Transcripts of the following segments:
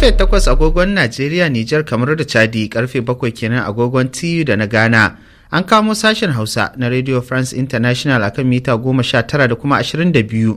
Karfe 8 agogon Najeriya, Nijar, kamar da Chadi, karfe 7 kenan agogon TU da na Ghana. An kamo sashen Hausa na Radio France International akan mita 19 da kuma 22.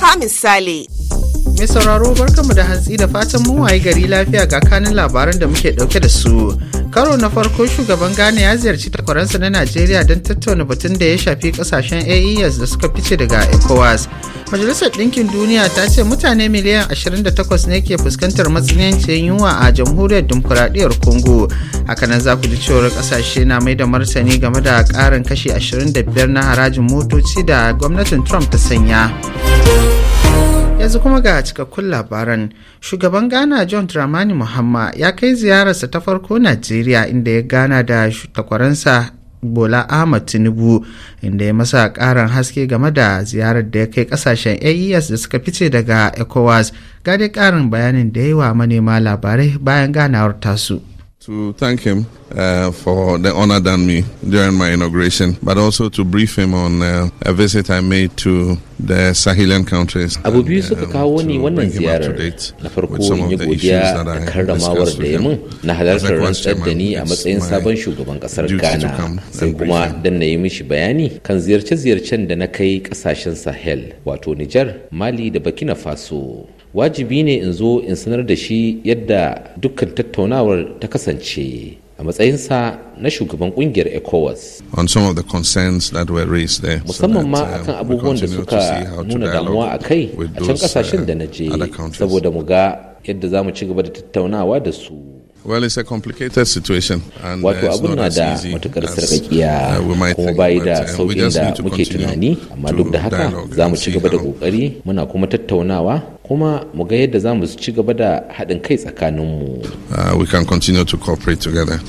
Ka misali. Mai sauraro barkanmu da hantsi da fatan mun wayi gari lafiya ga kanin labaran da muke dauke da su. Karo na farko shugaban Ghana ya ziyarci takwaransa na Najeriya don tattauna batun da ya shafi kasashen AES da suka fice daga ECOWAS. Majalisar Ɗinkin Duniya ta ce mutane miliyan 28 ne ke fuskantar matsanancin yunwa a jamhuriyar dimokuraɗiyyar Congo. Hakanan za ku ji cewar kasashe na mai da martani game da ƙarin kashi 25 na harajin motoci da gwamnatin Trump ta sanya. yanzu kuma ga cikakkun labaran shugaban ghana john dramani muhamma ya kai ziyararsa ta farko najeriya inda ya gana da takwaransa bola ahmad tinubu inda ya masa ƙarin haske game da ziyarar da ya kai kasashen aes da suka fice daga ecowas ga dai karin bayanin da ya yi wa manema labarai bayan ganawar tasu to thank him uh, for the honor done me during my inauguration, but also to brief him on uh, a visit I made to the Sahelian countries. Abu biyu suka um, kawo ni wannan ziyarar na farko in yi godiya da karramawar da ya min na halartar rantsar da a matsayin sabon shugaban kasar Ghana sai kuma dan na yi mishi bayani kan ziyarce-ziyarcen da na kai kasashen Sahel wato Nijar, Mali da Burkina Faso. wajibi ne in zo in sanar da shi yadda dukkan tattaunawar ta kasance a matsayinsa na shugaban kungiyar ecowas musamman ma uh, akan abubuwan da suka nuna damuwa a kai a can kasashen uh, da na je saboda mu ga yadda za mu ci gaba da tattaunawa da su Well, it's a complicated situation. And, uh, Wato abun na da matukar sarƙaƙiya uh, kuma bayi da uh, sauƙin da muke tunani, amma duk da haka za mu ci gaba da ƙoƙari muna kuma tattaunawa kuma mu ga yadda za mu ci gaba da haɗin kai tsakaninmu. Uh, we can continue to cooperate together.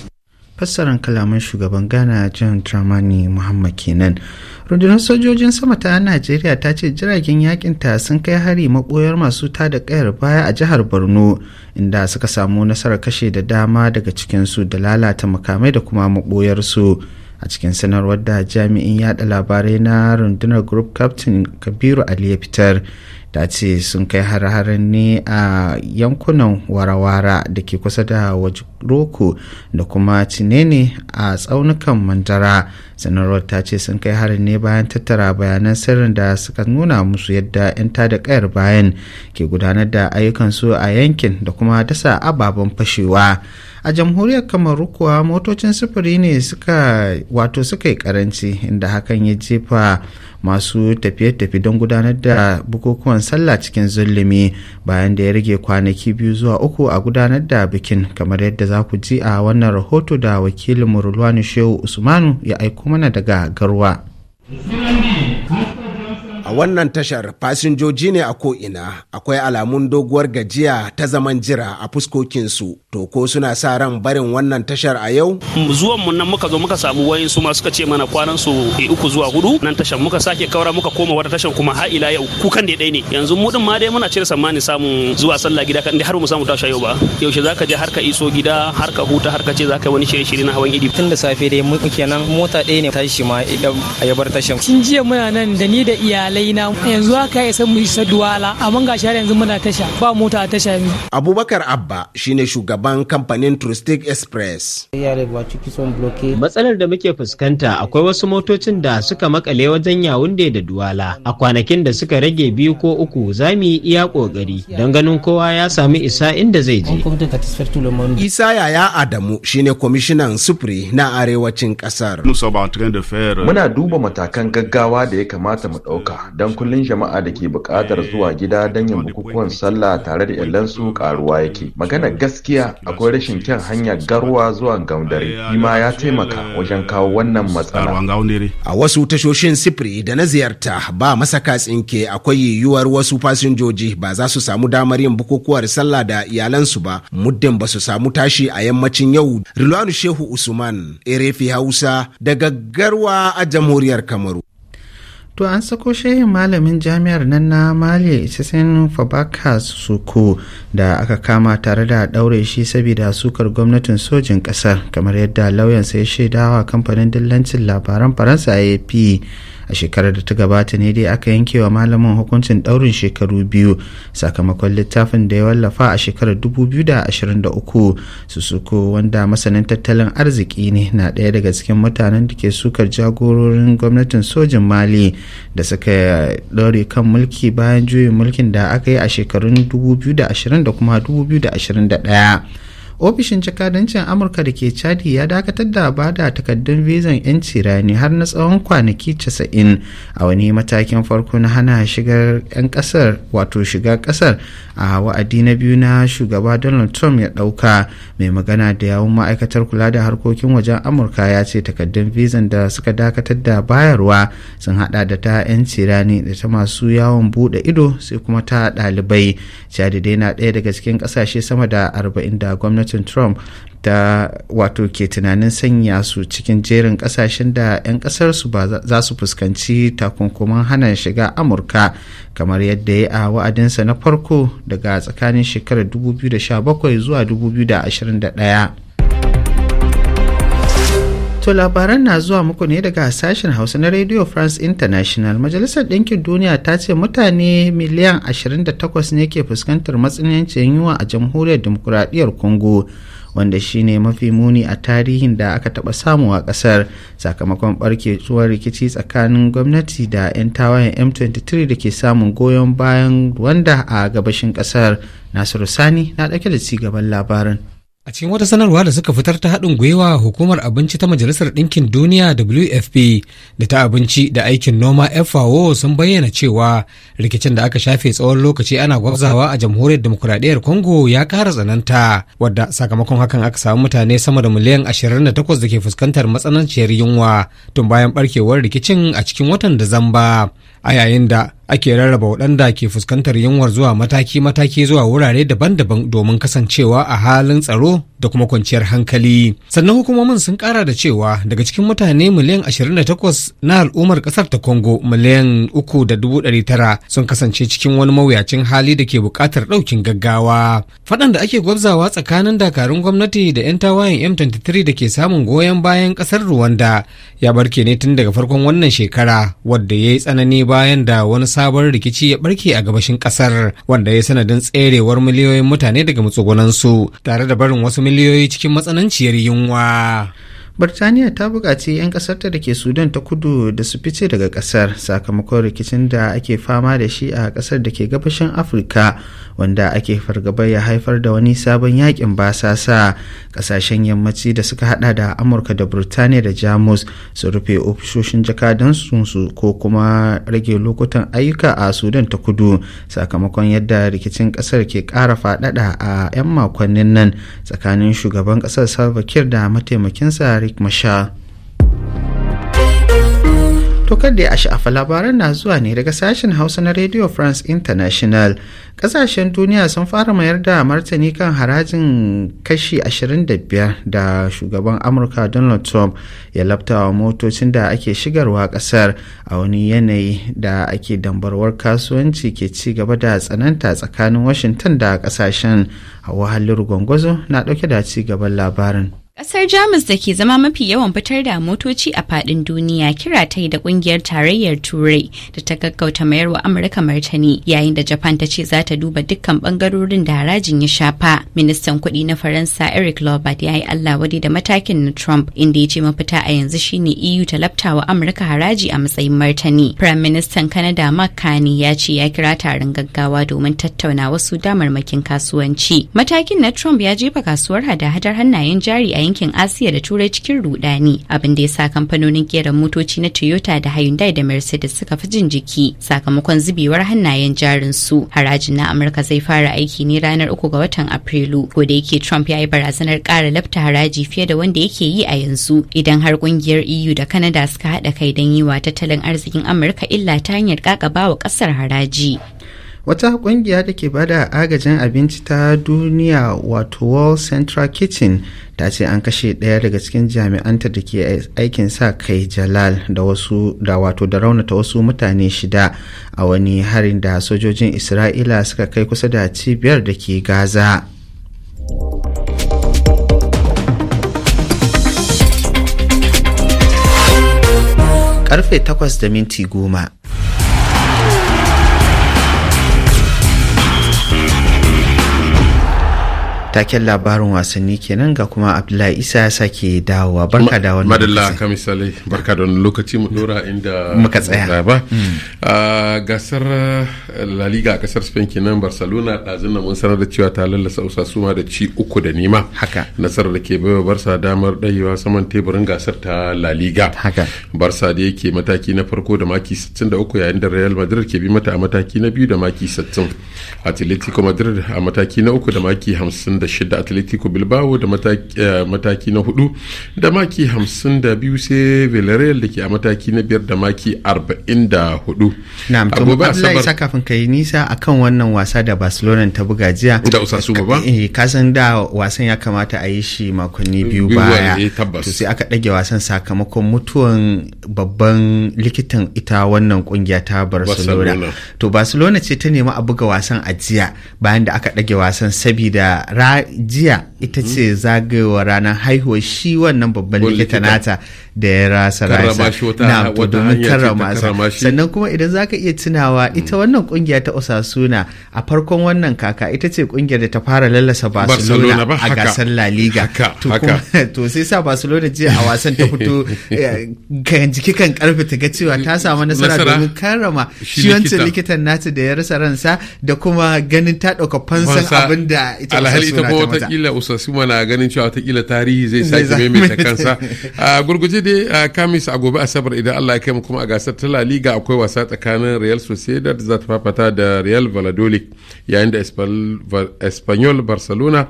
fassarar kalaman shugaban ghana john dramani muhammad kenan rundunar sojojin sama ta najeriya ta ce jiragen yakinta sun kai hari maboyar masu ta da kayar baya a jihar borno inda suka samu nasarar kashe da dama daga cikinsu da lalata makamai da kuma maboyarsu a cikin sanarwar da jami'in yada labarai na rundunar group captain kabiru ali ya fitar ta ce sun kai har-harin ne a yankunan warawara da ke kusa da wajiroko da kuma cinene a tsaunukan mandara sanarwar ta ce sun kai harin ne bayan tattara bayanan sirrin da suka nuna musu yadda 'yan da kayar bayan ke gudanar da ayyukansu a yankin da kuma dasa ababen fashewa a jamhuriyar kamaru kuwa motocin sufuri ne suka wato suka yi karanci inda hakan ya jefa masu tafiye-tafi don gudanar da bukukuwan sallah cikin zulumi bayan da ya rage kwanaki biyu zuwa uku a gudanar da bikin kamar yadda za ku ji a wannan rahoto da wakilin murulwani shehu usmanu ya aiko mana daga garwa A wannan tashar fasinjoji ne a ko'ina akwai alamun doguwar gajiya ta zaman jira a fuskokinsu. To ko suna sa ran barin wannan tashar a yau? Zuwan mu nan muka zo muka samu wayin su ma suka ce mana kwanan su uku zuwa hudu nan tashar muka sake kaura muka koma wata tashar kuma ha ila yau kukan da ɗaya ne. Yanzu mu din ma dai muna cire tsammanin samun zuwa sallah gida kan har mu samu tasha yau ba. Yaushe zaka je har ka iso gida har ka huta har ka ce zaka wani shirye-shirye na hawan idi. Tun da safe dai mu kenan mota ɗaya ne tashi ma a yabar tashar. Tun jiya muna nan da ni da iyalai alaina yanzu haka ya san mu isa duwala amma ga shahar yanzu muna tasha ba mota a tasha yanzu. Abubakar Abba shine shugaban kamfanin turistic Express. Matsalar da muke fuskanta akwai wasu motocin da suka makale wajen Yawunde da Duwala a kwanakin da suka rage biyu ko uku za mu yi iya kokari don ganin kowa ya sami isa inda zai je. Isa Yaya Adamu shine kwamishinan sufuri na arewacin kasar. Muna duba matakan gaggawa da ya kamata mu ɗauka don kullun jama'a da ke buƙatar zuwa gida don yin bukukuwan sallah tare da su karuwa yake magana gaskiya akwai rashin kyan hanya garwa zuwa gaundare ima ya taimaka wajen kawo wannan matsala a wasu tashoshin sifiri da na ziyarta ba masaka tsinke akwai yiwuwar wasu fasinjoji ba za su samu damar yin bukukuwar sallah da iyalansu ba muddin ba su samu tashi a yammacin yau rilwanu shehu usman erefi hausa daga garwa a jamhuriyar kamaru to an sako shehin malamin jami'ar nan na mali isisin fabaka suko da aka kama tare da daure shi saboda sukar gwamnatin sojin kasar kamar yadda lauyansa ya shaidawa kamfanin dillancin labaran faransa fi. a shekarar da ta gabata ne dai aka yankewa malamin hukuncin ɗaurin shekaru biyu sakamakon littafin da ya wallafa a shekarar 2023 susuko wanda masanin tattalin arziki ne na ɗaya daga cikin mutanen da ke sukar jagororin gwamnatin sojin mali da suka ɗaure kan mulki bayan juyin mulkin da aka yi a shekarun 2020 da kuma 2021 ofishin jakadancin amurka da ke chadi ya dakatar da ba da takaddun vizan 'yan rani har na tsawon kwanaki 90 a wani matakin farko na hana shigar 'yan kasar wato shiga kasar a wa'adi na biyu na shugaba donald trump ya dauka mai magana da yawun ma'aikatar kula da harkokin wajen amurka ya ce takaddun vizan da suka dakatar da bayarwa sun hada da ta 'yanci rani da ta masu yawon bude ido sai kuma ta ɗalibai chadi dai na ɗaya daga cikin ƙasashe sama da arba'in da gwamnati gwamnatin trump ta wato ke tunanin sanya su cikin jerin kasashen da 'yan kasar su ba za su fuskanci takunkuman hana shiga amurka kamar yadda ya a wa'adinsa na farko daga tsakanin shekarar 2017 zuwa 2021 To labaran na zuwa muku ne daga sashen Hausa na Radio France International. Majalisar Ɗinkin Duniya ta ce mutane miliyan 28 ne ke fuskantar matsanancin yunwa a jamhuriyar demokuraɗiyyar Congo. wanda shi ne mafi muni a tarihin da aka taɓa samu a ƙasar sakamakon ɓarke tsuwar rikici tsakanin gwamnati da 'yan tawayen m23 da ke samun goyon bayan wanda a gabashin ƙasar nasiru sani na ɗauke da cigaban labarin A cikin wata sanarwa da suka fitar ta haɗin gwiwa hukumar abinci ta Majalisar Ɗinkin Duniya WFP da ta abinci da aikin noma FAO sun bayyana cewa rikicin da aka shafe tsawon lokaci ana gwazawa a jamhuriyar demokuraɗiyyar Congo ya ƙara tsananta wadda sakamakon hakan aka samu mutane sama da miliyan 28 da ke fuskantar matsananciyar yunwa tun bayan ɓarkewar rikicin a cikin watan dizamba a yayin da ake rarraba waɗanda ke fuskantar yunwar zuwa mataki-mataki zuwa wurare daban-daban domin kasancewa a halin tsaro da kuma kwanciyar hankali sannan hukumomin sun ƙara da cewa daga cikin mutane miliyan 28 na al'ummar ƙasar ta congo miliyan 3.900 sun kasance cikin wani mawuyacin hali da ke buƙatar ɗaukin gaggawa faɗan da ake gwabzawa tsakanin dakarun gwamnati da 'yan tawayen m23 da ke samun goyon bayan ƙasar rwanda ya barke ne tun daga farkon wannan shekara wadda ya yi tsanani bayan da wani sabon rikici ya barke a gabashin kasar wanda ya sanadin tserewar miliyoyin mutane daga matsugunansu tare da barin wasu miliyoyi cikin matsananciyar yunwa Birtaniya ta buƙaci 'yan ƙasarta da ke Sudan ta kudu da su fice daga ƙasar sakamakon rikicin da ake fama da shi a ƙasar da ke gabashin Afirka wanda ake fargaba ya haifar da wani sabon yakin basasa ƙasashen yammaci da suka hada da Amurka da Birtaniya da Jamus su rufe ofishoshin jakadansu ko kuma rage lokutan ayyuka a Sudan ta kudu sakamakon yadda rikicin ƙasar ke ƙara faɗaɗa a 'yan makonnin nan tsakanin shugaban ƙasar Salva Kiir da mataimakinsa Malik Masha. To da ya sha'afa labaran na zuwa ne daga sashen Hausa na Radio France International. Kasashen duniya sun fara mayar da martani kan harajin kashi 25 da shugaban Amurka Donald Trump ya wa motocin da ake shigarwa kasar a wani yanayi da ake dambarwar kasuwanci ke ci gaba da tsananta tsakanin Washington da kasashen. Hawa Halliru Gwangwazo na ɗauke da ci gaban labarin. Ƙasar Jamus da ke zama mafi yawan fitar da motoci a faɗin duniya kira ta yi da ƙungiyar tarayyar Turai da ta gaggauta mayarwa Amurka martani yayin da Japan ta ce za ta duba dukkan ɓangarorin da harajin ya shafa. Ministan kuɗi na Faransa Eric Lobert ya yi Allah wadi da matakin na Trump inda ya ce mafita a yanzu shine EU ta lafta wa Amurka haraji a matsayin martani. Prime Ministan Canada Mark Carney ya ce ya kira taron gaggawa domin tattauna wasu damarmakin kasuwanci. Matakin na Trump ya jefa kasuwar hada-hadar hannayen jari a yankin Asiya da Turai cikin rudani abin da ya sa kamfanonin kera motoci na Toyota da Hyundai da Mercedes suka fi jin jiki sakamakon zubewar hannayen jarin su. Harajin na Amurka zai fara aiki ne ranar uku ga watan Afrilu. Ko da yake Trump ya yi barazanar ƙara lafta haraji fiye da wanda yake yi a yanzu idan har kungiyar EU da Canada suka haɗa kai don yi wa tattalin arzikin Amurka illa ta hanyar kakaba wa ƙasar haraji. wata kungiya da ke bada agajin abinci ta duniya wato world central kitchen ta ce an kashe ɗaya daga cikin jami'anta da ke aikin sa kai jalal da wasu da wato da raunata wasu mutane shida a wani harin da sojojin isra'ila suka kai kusa da cibiyar da ke gaza karfe takwas da minti goma taken labarin wasanni kenan ga kuma abdullahi isa ya sake dawowa barka da wannan madalla ka misali barka da wani lokaci mu dora inda muka tsaya ba hmm. gasar eh, la liga a kasar spain kenan barcelona ɗazun mun sanar da cewa ta lallasa suma da ci uku da nema haka nasarar da ke baiwa barsa damar dayewa saman teburin gasar ta la liga haka barsa da yake mataki na farko da maki 63 yayin da real madrid ke bi mata a mataki na biyu da maki 60 atletico madrid a mataki na uku da maki 50 da shida atletico bilbao da mataki eh, na hudu da maki biyu sai villarreal da ke a mataki na biyar da maki 44 na mutum Allah ya kafin ka yi nisa akan wannan wasa da barcelona ta buga jiya da osasuna ba eh, kasan da wasan ya kamata a yi shi makonni biyu baya eh, to sai aka dage wasan sakamakon mutuwan babban likitan ita wannan kungiya ta barcelona to barcelona ce ta nemi a buga wasan a jiya bayan da aka dage wasan sabida jiya ita ce hmm. zagayowar ranar haihuwar shi wannan babban likita nata da ya rasa rasa na to domin karrama sannan kuma idan zaka iya tunawa hmm. ita wannan kungiya ta osasuna a farkon wannan kaka ita ce kungiyar da ta fara lallasa barcelona a gasar la liga to sai sa barcelona jiya a wasan ta fito eh, kan jiki kan karfe ta ga cewa ta samu nasara domin karrama shi wancan likitan nata da ya rasa ransa da kuma ganin ta ɗauka fansan abin da ita ita ko watakila usasuma na ganin cewa watakila tarihi zai sake maimaita kansa a gurguje dai a kamis a gobe asabar idan allah ya kai kuma a gasar ta la liga akwai wasa tsakanin real sociedad za ta fafata da real valladolid yayin da espanyol barcelona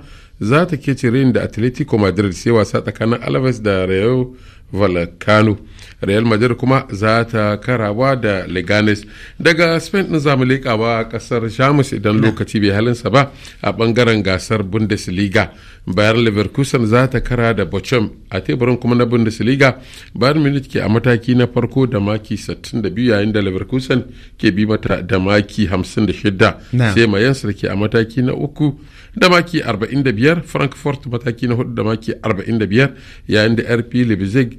za ta ke da atletico madrid sai wasa tsakanin alves da real vallecano real madrid kuma za ta karawa da leganes daga spain din zamu ba kasar jamus idan lokaci bai halinsa ba a bangaren gasar bundesliga bayar leverkusen za ta kara da bochum a teburin kuma na bundesliga bayern munich ke a mataki na farko da maki 62 yayin da leverkusen ke bi mata da maki 56 sai mayansa da ke a mataki na uku da maki 45 frankfurt mataki na hudu da maki 45 yayin da rp leipzig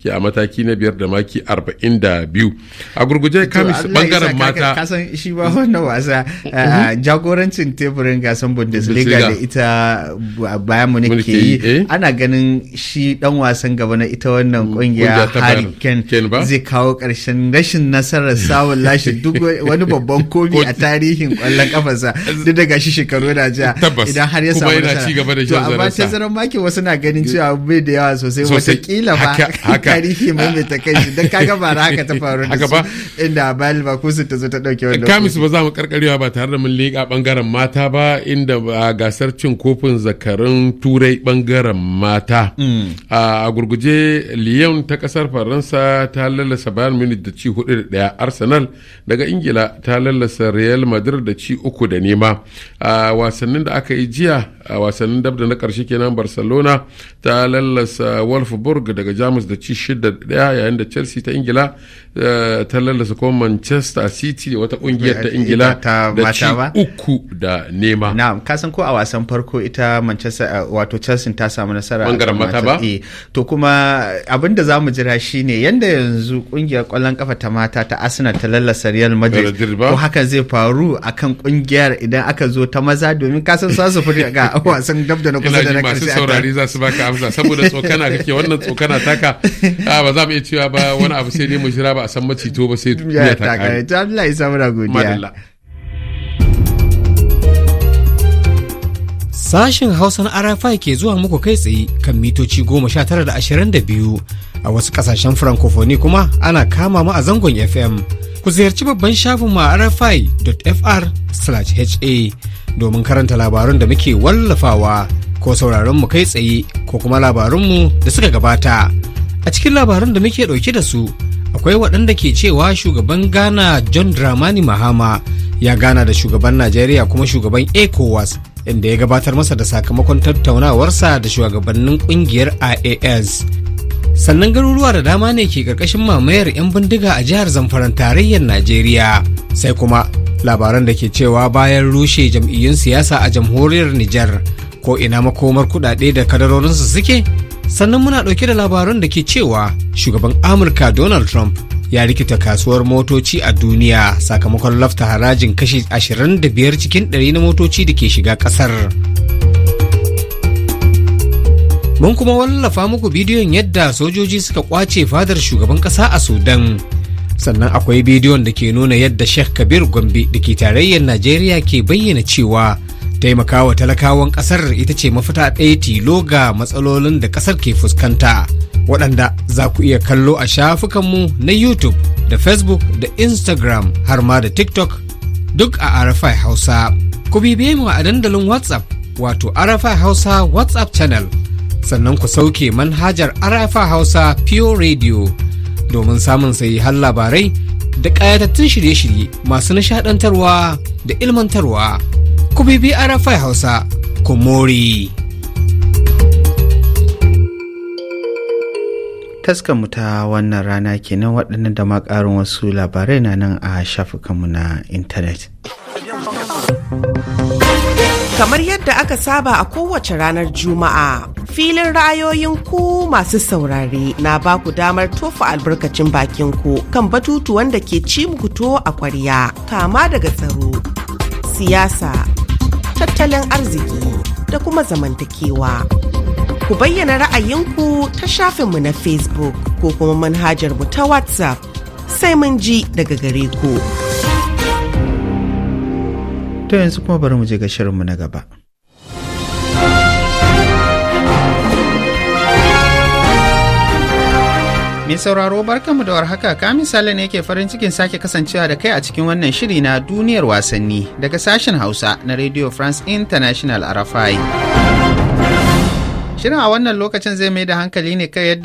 ke a mataki na biyar da maki arba'in da biyu a gurguje kamis bangaren mata kasan shi ba wannan wasa mhm. jagorancin teburin gasan bundesliga da ita bayan mu ke yi eh? ana ganin shi dan wasan gaba na ita wannan mm, kungiya harry kane zai kawo karshen rashin nasarar samun lashe duk wani babban komi a tarihin kwallon kafarsa duk daga shi shekaru na ja idan har ya samu nasara to amma tazaran maki wasu na ganin cewa bai da yawa sosai wata kila ba tarihi maimaita kanshi don kaga ba haka ta faru da su inda bayal ba kusa ta zo ta dauke wannan kamis ba za mu karkarewa ba tare da mun liƙa bangaren mata ba inda a gasar cin kofin zakarun turai bangaren mata mm. a gurguje lyon ta kasar faransa ta lallasa bayan munich da ci hudu da daya arsenal daga ingila ta lallasa real madrid da ci uku da nema a wasannin da aka yi jiya a wasannin dab da na karshe kenan barcelona ta lallasa wolfsburg daga jamus da ci shida daya yayin da chelsea ta ingila eh, ta lallasa ko manchester city wata kungiyar ta ingila da ci uku da nema na kasan ko a wasan farko ita manchester eh, wato chelsea ta samu nasara bangaren mata ba eh, to kuma abin da zamu jira shine yanda yanzu kungiyar kwallon kafa ta mata ta arsenal ta lallasa real madrid ko haka zai faru akan kungiyar idan aka zo ta maza domin kasan sa su ga wasan dab da na kusa da na karshe masu saurari za su baka amsa saboda tsokana kake wannan tsokana taka a ba za mu iya cewa ba wani abu sai ne mu jira ba a san macito ba sai ya ta ya ta Allah ya samu godiya Sashin Hausa na RFI ke zuwa muku kai tsaye kan mitoci goma sha tara da ashirin da biyu a wasu kasashen Francophonie kuma ana kama mu a zangon FM. ku ziyarci babban shafin rfi.fr/ha domin karanta labarun da muke wallafawa ko sauraron mu kai tsaye ko kuma labarunmu da suka gabata. A cikin labarun da muke ɗauke da su akwai waɗanda ke cewa shugaban Ghana John Dramani Mahama ya gana da shugaban Najeriya kuma shugaban ECOWAS inda ya gabatar masa da sakamakon tattaunawarsa da shugabannin ƙungiyar IAS. sannan garuruwa da dama ne ke karkashin mamayar 'yan bindiga a jihar zamfaran tarayyar najeriya sai kuma labaran da ke cewa bayan rushe jam'iyyun siyasa a jamhuriyar nijar ko ina makomar kudade da kadarorinsu suke sannan muna ɗauke da labaran da ke cewa shugaban amurka donald trump ya rikita kasuwar motoci a duniya sakamakon lafta harajin kashi 25 cikin 100 na motoci da ke shiga ƙasar. Mun kuma wallafa muku bidiyon yadda sojoji suka kwace fadar shugaban ƙasa a Sudan. Sannan akwai bidiyon da ke nuna yadda Sheikh Kabir Gombe da ke tarayyar Najeriya ke bayyana cewa taimakawa talakawan ƙasar ita ce mafita ɗaya tilo ga matsalolin da ƙasar ke fuskanta. waɗanda za ku iya kallo a shafukanmu na YouTube da Facebook da Instagram har ma da TikTok duk a RFI Hausa. Ku bibiye mu a dandalin WhatsApp wato RFI Hausa WhatsApp channel sannan ku sauke manhajar arafa hausa pure radio domin samun har labarai da ƙayatattun shirye-shirye masu nishadantarwa da ilmantarwa ku bibi arafa hausa ku mori. mu ta wannan rana kenan waɗannan da maƙarin wasu labarai na nan a shafukanmu na intanet. Kamar yadda aka saba a kowace ranar Juma'a, filin ra'ayoyin ku masu saurare na ba ku damar tofa albarkacin bakin ku kan batutu wanda ke ci muku a kwarya, kama daga tsaro, siyasa, tattalin arziki da kuma zamantakewa. Ku bayyana ra'ayinku ta shafinmu na Facebook ko kuma manhajar mu ta WhatsApp sai mun ji daga gare ku. To yanzu kuma bari mu je ga shirinmu na gaba. Mai sauraro barkanmu da warhaka ka misali ne yake farin cikin sake kasancewa da kai a cikin wannan shiri na duniyar wasanni daga sashen Hausa na Radio France International a Rafai. Shirin a wannan lokacin zai mai da hankali ne kai yadda